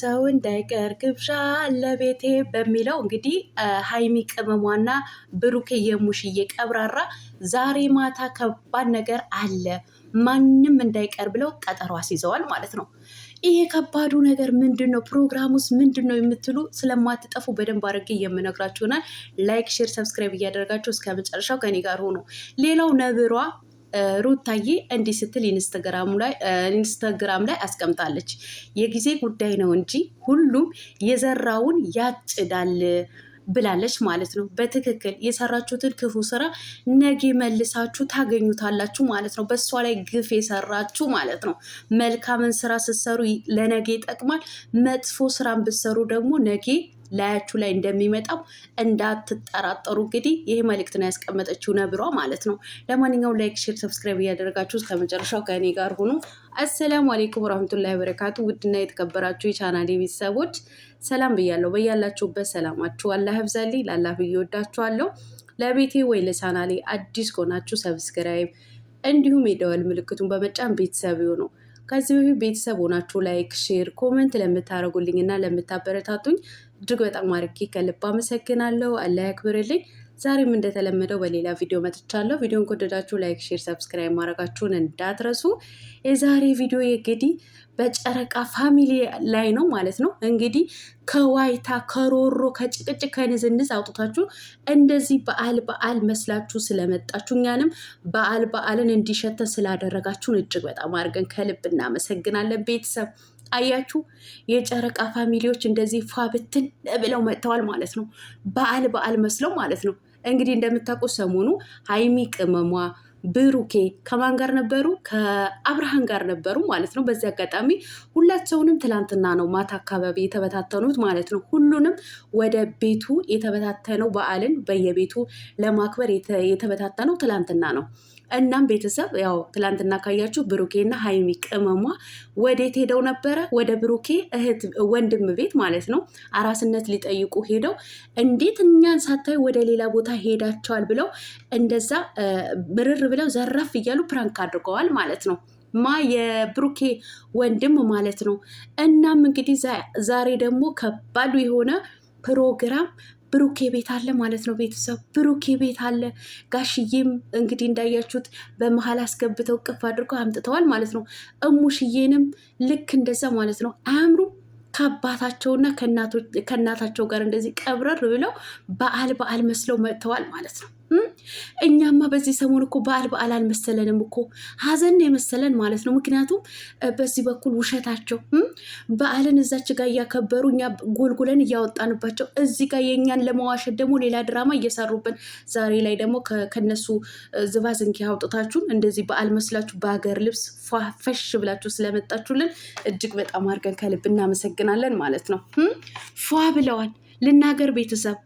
ሰው እንዳይቀር ግብዣ ለቤቴ በሚለው እንግዲህ ሀይሚ ቅመሟና ብሩኬ የሙሽዬ ቀብራራ ዛሬ ማታ ከባድ ነገር አለ ማንም እንዳይቀር ብለው ቀጠሮ አስይዘዋል ማለት ነው። ይሄ ከባዱ ነገር ምንድን ነው? ፕሮግራሙስ ምንድን ነው የምትሉ ስለማትጠፉ በደንብ አድርጌ የምነግራችሁናል። ላይክ፣ ሼር፣ ሰብስክራይብ እያደረጋችሁ እስከ መጨረሻው ከኔ ጋር ሆኖ ሌላው ነብሯ ሩታዬ እንዲህ ስትል ኢንስታግራም ላይ አስቀምጣለች። የጊዜ ጉዳይ ነው እንጂ ሁሉም የዘራውን ያጭዳል ብላለች ማለት ነው። በትክክል የሰራችሁትን ክፉ ስራ ነገ መልሳችሁ ታገኙታላችሁ ማለት ነው። በእሷ ላይ ግፍ የሰራችሁ ማለት ነው። መልካምን ስራ ስትሰሩ ለነገ ይጠቅማል። መጥፎ ስራን ብትሰሩ ደግሞ ነገ ላያችሁ ላይ እንደሚመጣው እንዳትጠራጠሩ። እንግዲህ ይህ መልእክት ነው ያስቀመጠችው ነብሯ ማለት ነው። ለማንኛውም ላይክ፣ ሼር፣ ሰብስክራይብ እያደረጋችሁ እስከ መጨረሻው ከእኔ ጋር ሁኑ። አሰላሙ አሌይኩም ወራህመቱላሂ ወበረካቱ። ውድና የተከበራችሁ የቻናሌ ቤተሰቦች ሰላም ብያለሁ። በያላችሁበት ሰላማችሁ አላህ ይብዛልኝ። ላላህ ብዬ ወዳችኋለሁ። ለቤቴ ወይ ለቻናሌ አዲስ ከሆናችሁ ሰብስክራይብ እንዲሁም የደወል ምልክቱን በመጫን ቤተሰብ ነው ከዚህ በፊት ቤተሰብ ሆናችሁ ላይክ፣ ሼር፣ ኮመንት ለምታደርጉልኝ እና ለምታበረታቱኝ እጅግ በጣም አድርጌ ከልብ አመሰግናለሁ። አላህ ያክብርልኝ። ዛሬም እንደተለመደው በሌላ ቪዲዮ መጥቻለሁ። ቪዲዮን ከወደዳችሁ ላይክ፣ ሼር፣ ሰብስክራይብ ማድረጋችሁን እንዳትረሱ። የዛሬ ቪዲዮ እንግዲህ በጨረቃ ፋሚሊ ላይ ነው ማለት ነው። እንግዲህ ከዋይታ ከሮሮ ከጭቅጭቅ ከንዝንዝ አውጥታችሁ እንደዚህ በዓል በዓል መስላችሁ ስለመጣችሁ እኛንም በዓል በዓልን እንዲሸተን ስላደረጋችሁን እጅግ በጣም አድርገን ከልብ እናመሰግናለን ቤተሰብ አያችሁ የጨረቃ ፋሚሊዎች እንደዚህ ፏ ብትን ብለው መጥተዋል ማለት ነው። በዓል በዓል መስለው ማለት ነው። እንግዲህ እንደምታውቁት ሰሞኑ ሀይሚ ቅመሟ ብሩኬ ከማን ጋር ነበሩ? ከአብርሃን ጋር ነበሩ ማለት ነው። በዚህ አጋጣሚ ሁላቸውንም ትላንትና ነው ማታ አካባቢ የተበታተኑት ማለት ነው። ሁሉንም ወደ ቤቱ የተበታተነው በዓልን በየቤቱ ለማክበር የተበታተነው ትላንትና ነው። እናም ቤተሰብ ያው ትላንትና ካያችሁ ብሩኬና ሀይሚ ቅመሟ ወዴት ሄደው ነበረ? ወደ ብሩኬ እህት ወንድም ቤት ማለት ነው። አራስነት ሊጠይቁ ሄደው እንዴት እኛን ሳታዩ ወደ ሌላ ቦታ ሄዳቸዋል ብለው እንደዛ ምርር ብለው ዘራፍ እያሉ ፕራንክ አድርገዋል ማለት ነው። ማ የብሩኬ ወንድም ማለት ነው። እናም እንግዲህ ዛሬ ደግሞ ከባዱ የሆነ ፕሮግራም ብሩኬ ቤት አለ ማለት ነው። ቤተሰብ ብሩኬ ቤት አለ። ጋሽዬም እንግዲህ እንዳያችሁት በመሀል አስገብተው ቅፍ አድርገው አምጥተዋል ማለት ነው። እሙሽዬንም ልክ እንደዛ ማለት ነው። አያምሩም? ከአባታቸውና ከእናታቸው ጋር እንደዚህ ቀብረር ብለው በዓል በዓል መስለው መጥተዋል ማለት ነው። እኛማ በዚህ ሰሞን እኮ በዓል በዓል አልመሰለንም እኮ ሀዘን የመሰለን ማለት ነው። ምክንያቱም በዚህ በኩል ውሸታቸው በዓልን እዛች ጋር እያከበሩ እኛ ጎልጉለን እያወጣንባቸው እዚህ ጋር የእኛን ለመዋሸት ደግሞ ሌላ ድራማ እየሰሩብን፣ ዛሬ ላይ ደግሞ ከነሱ ዝባዝንኪ አውጥታችሁን እንደዚህ በዓል መስላችሁ በሀገር ልብስ ፈሽ ብላችሁ ስለመጣችሁልን እጅግ በጣም አድርገን ከልብ እናመሰግናለን ማለት ነው። ፏ ብለዋል ልናገር ቤተሰብ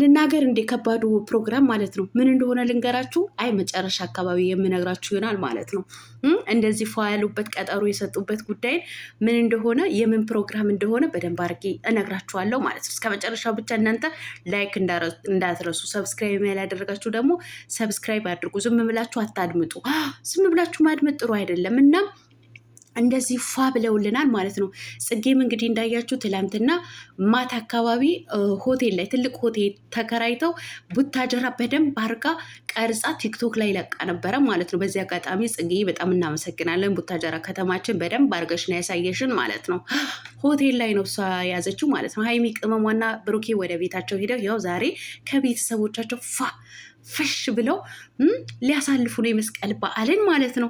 ልናገር እንደ ከባዱ ፕሮግራም ማለት ነው። ምን እንደሆነ ልንገራችሁ። አይ መጨረሻ አካባቢ የምነግራችሁ ይሆናል ማለት ነው። እንደዚህ ፏ ያሉበት ቀጠሮ የሰጡበት ጉዳይን ምን እንደሆነ የምን ፕሮግራም እንደሆነ በደንብ አድርጌ እነግራችኋለሁ ማለት ነው። እስከ መጨረሻው ብቻ እናንተ ላይክ እንዳትረሱ፣ ሰብስክራይብ ያላደረጋችሁ ደግሞ ሰብስክራይብ አድርጉ። ዝም ብላችሁ አታድምጡ። ዝም ብላችሁ ማድመጥ ጥሩ አይደለም እና እንደዚህ ፏ ብለውልናል ማለት ነው። ጽጌም እንግዲህ እንዳያችሁ ትላንትና ማታ አካባቢ ሆቴል ላይ ትልቅ ሆቴል ተከራይተው ቡታጀራ በደንብ አርጋ ቀርጻ ቲክቶክ ላይ ለቃ ነበረ ማለት ነው። በዚህ አጋጣሚ ጽጌ በጣም እናመሰግናለን። ቡታጀራ ከተማችን በደንብ አርገሽ ነው ያሳየሽን ማለት ነው። ሆቴል ላይ ነው እሷ ያዘችው ማለት ነው። ሀይሚ ቅመሟና ብሩኬ ወደ ቤታቸው ሄደው ያው ዛሬ ከቤተሰቦቻቸው ፏ ፍሽ ብለው ሊያሳልፉ ነው የመስቀል በዓልን ማለት ነው።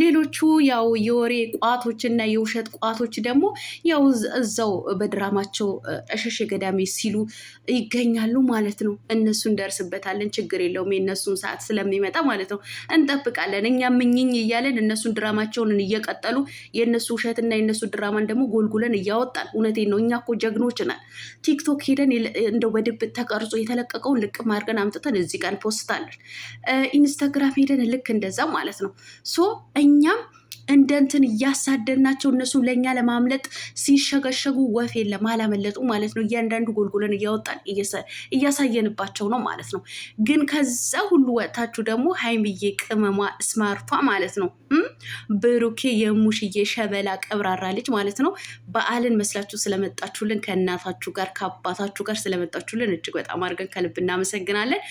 ሌሎቹ ያው የወሬ ቋቶች እና የውሸት ቋቶች ደግሞ ያው እዛው በድራማቸው እሸሽ ገዳሜ ሲሉ ይገኛሉ ማለት ነው። እነሱ እንደርስበታለን፣ ችግር የለውም የእነሱን ሰዓት ስለሚመጣ ማለት ነው። እንጠብቃለን እኛ ምኝኝ እያለን እነሱን ድራማቸውን እየቀጠሉ የእነሱ ውሸትና የእነሱ ድራማን ደግሞ ጎልጉለን እያወጣን እውነቴን ነው። እኛ እኮ ጀግኖች ነን። ቲክቶክ ሄደን እንደው በድብ ተቀርጾ የተለቀቀውን ልቅም አድርገን አምጥተን እዚህ ቀን እንፖስታለን። ኢንስታግራም ሄደን ልክ እንደዛ ማለት ነው። ሶ እኛም እንደ እንትን እያሳደድናቸው እነሱ ለእኛ ለማምለጥ ሲሸገሸጉ ወፍ የለም አላመለጡ ማለት ነው። እያንዳንዱ ጎልጎለን እያወጣን እያሳየንባቸው ነው ማለት ነው። ግን ከዛ ሁሉ ወጥታችሁ ደግሞ ሀይምዬ ቅመሟ ስማርቷ ማለት ነው ብሩኬ የሙሽዬ ሸበላ ቀብራራ ልጅ ማለት ነው በዓልን መስላችሁ ስለመጣችሁልን ከእናታችሁ ጋር ከአባታችሁ ጋር ስለመጣችሁልን እጅግ በጣም አድርገን ከልብ እናመሰግናለን።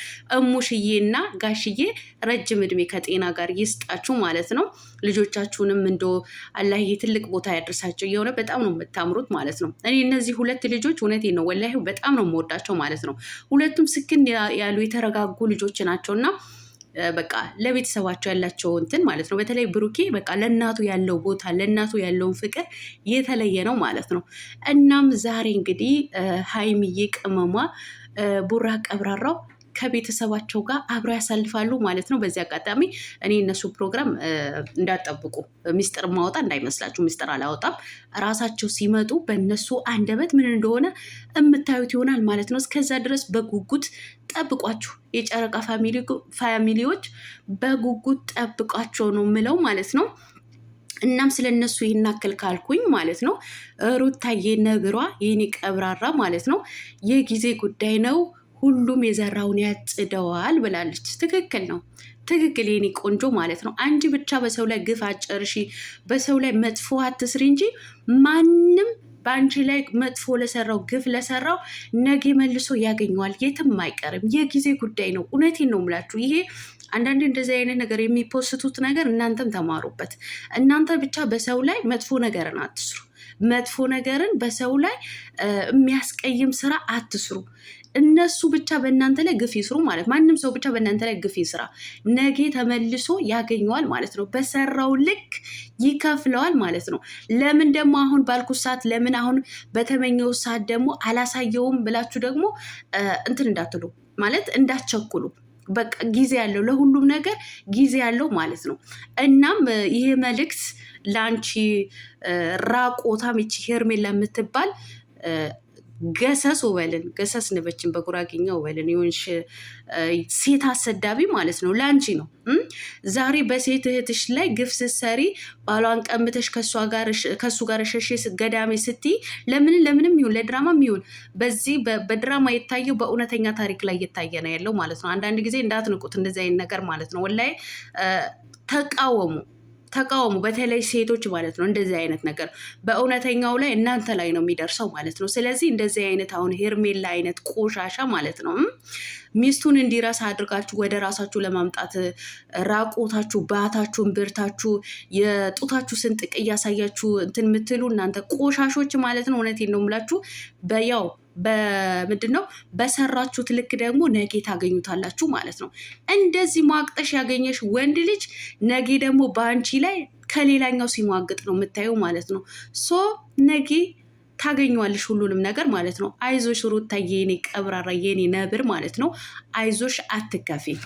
እና ጋሽዬ ረጅም እድሜ ከጤና ጋር ይስጣችሁ ማለት ነው ልጆቻችሁ ሁለቱንም እንዶ አላህ ትልቅ ቦታ ያደርሳቸው። እየሆነ በጣም ነው የምታምሩት ማለት ነው። እኔ እነዚህ ሁለት ልጆች እውነቴ ነው ወላሂ በጣም ነው የምወዳቸው ማለት ነው። ሁለቱም ስክን ያሉ የተረጋጉ ልጆች ናቸው እና በቃ ለቤተሰባቸው ያላቸው እንትን ማለት ነው። በተለይ ብሩኬ በቃ ለእናቱ ያለው ቦታ ለእናቱ ያለውን ፍቅር የተለየ ነው ማለት ነው። እናም ዛሬ እንግዲህ ሀይሚዬ ቅመሟ ቡራ ቀብራራው ከቤተሰባቸው ጋር አብረው ያሳልፋሉ ማለት ነው። በዚህ አጋጣሚ እኔ እነሱ ፕሮግራም እንዳጠብቁ ሚስጥር ማወጣ እንዳይመስላችሁ፣ ሚስጥር አላወጣም። ራሳቸው ሲመጡ በእነሱ አንደበት ምን እንደሆነ የምታዩት ይሆናል ማለት ነው። እስከዛ ድረስ በጉጉት ጠብቋችሁ የጨረቃ ፋሚሊዎች በጉጉት ጠብቋቸው ነው ምለው ማለት ነው። እናም ስለነሱ ይህን ካልኩኝ ማለት ነው። ሩታዬ ነግሯ የኔ ቀብራራ ማለት ነው የጊዜ ጉዳይ ነው። ሁሉም የዘራውን ያጭደዋል ብላለች። ትክክል ነው። ትክክል የኔ ቆንጆ ማለት ነው። አንቺ ብቻ በሰው ላይ ግፍ አጨርሺ፣ በሰው ላይ መጥፎ አትስሪ እንጂ ማንም በአንቺ ላይ መጥፎ ለሰራው ግፍ ለሰራው ነገ መልሶ ያገኘዋል። የትም አይቀርም። የጊዜ ጉዳይ ነው። እውነቴን ነው የምላችሁ። ይሄ አንዳንድ እንደዚህ አይነት ነገር የሚፖስቱት ነገር እናንተም ተማሩበት። እናንተ ብቻ በሰው ላይ መጥፎ ነገርን አትስሩ። መጥፎ ነገርን በሰው ላይ የሚያስቀይም ስራ አትስሩ። እነሱ ብቻ በእናንተ ላይ ግፍ ይስሩ ማለት ማንም ሰው ብቻ በእናንተ ላይ ግፍ ይስራ፣ ነገ ተመልሶ ያገኘዋል ማለት ነው። በሰራው ልክ ይከፍለዋል ማለት ነው። ለምን ደግሞ አሁን ባልኩት ሰዓት ለምን አሁን በተመኘው ሰዓት ደግሞ አላሳየውም ብላችሁ ደግሞ እንትን እንዳትሉ ማለት እንዳትቸኩሉ። በቃ ጊዜ ያለው ለሁሉም ነገር ጊዜ ያለው ማለት ነው። እናም ይሄ መልእክት ለአንቺ ራቆታም ይቺ ሄርሜላ የምትባል ገሰስ ውበልን ገሰስ ንበችን በጉራጌኛ ውበልን የሆንሽ ሴት አሰዳቢ ማለት ነው። ለአንቺ ነው ዛሬ በሴት እህትሽ ላይ ግፍ ስትሰሪ ባሏን ቀምተሽ ከሱ ጋር ሸሽ ገዳሜ ስትይ ለምን ለምንም ይሁን ለድራማ ይሁን በዚህ በድራማ የታየው በእውነተኛ ታሪክ ላይ እየታየ ነው ያለው ማለት ነው። አንዳንድ ጊዜ እንዳትንቁት እንደዚህ አይነት ነገር ማለት ነው። ወላሂ ተቃወሙ። ተቃውሙ። በተለይ ሴቶች ማለት ነው እንደዚህ አይነት ነገር በእውነተኛው ላይ እናንተ ላይ ነው የሚደርሰው ማለት ነው። ስለዚህ እንደዚህ አይነት አሁን ሄርሜላ አይነት ቆሻሻ ማለት ነው ሚስቱን እንዲረሳ አድርጋችሁ ወደ ራሳችሁ ለማምጣት ራቆታችሁ፣ ባታችሁን፣ ብርታችሁ፣ የጡታችሁ ስንጥቅ እያሳያችሁ እንትን የምትሉ እናንተ ቆሻሾች ማለት ነው። እውነቴን ነው የምላችሁ በያው በምንድን ነው በሰራችሁት ልክ ደግሞ ነጌ ታገኙታላችሁ ማለት ነው። እንደዚህ ማቅጠሽ ያገኘሽ ወንድ ልጅ ነጌ ደግሞ በአንቺ ላይ ከሌላኛው ሲሟግጥ ነው የምታየው ማለት ነው። ሶ ነጌ ታገኘዋለሽ ሁሉንም ነገር ማለት ነው። አይዞሽ ሩታ የኔ ቀብራራ የኔ ነብር ማለት ነው። አይዞሽ አትከፊ።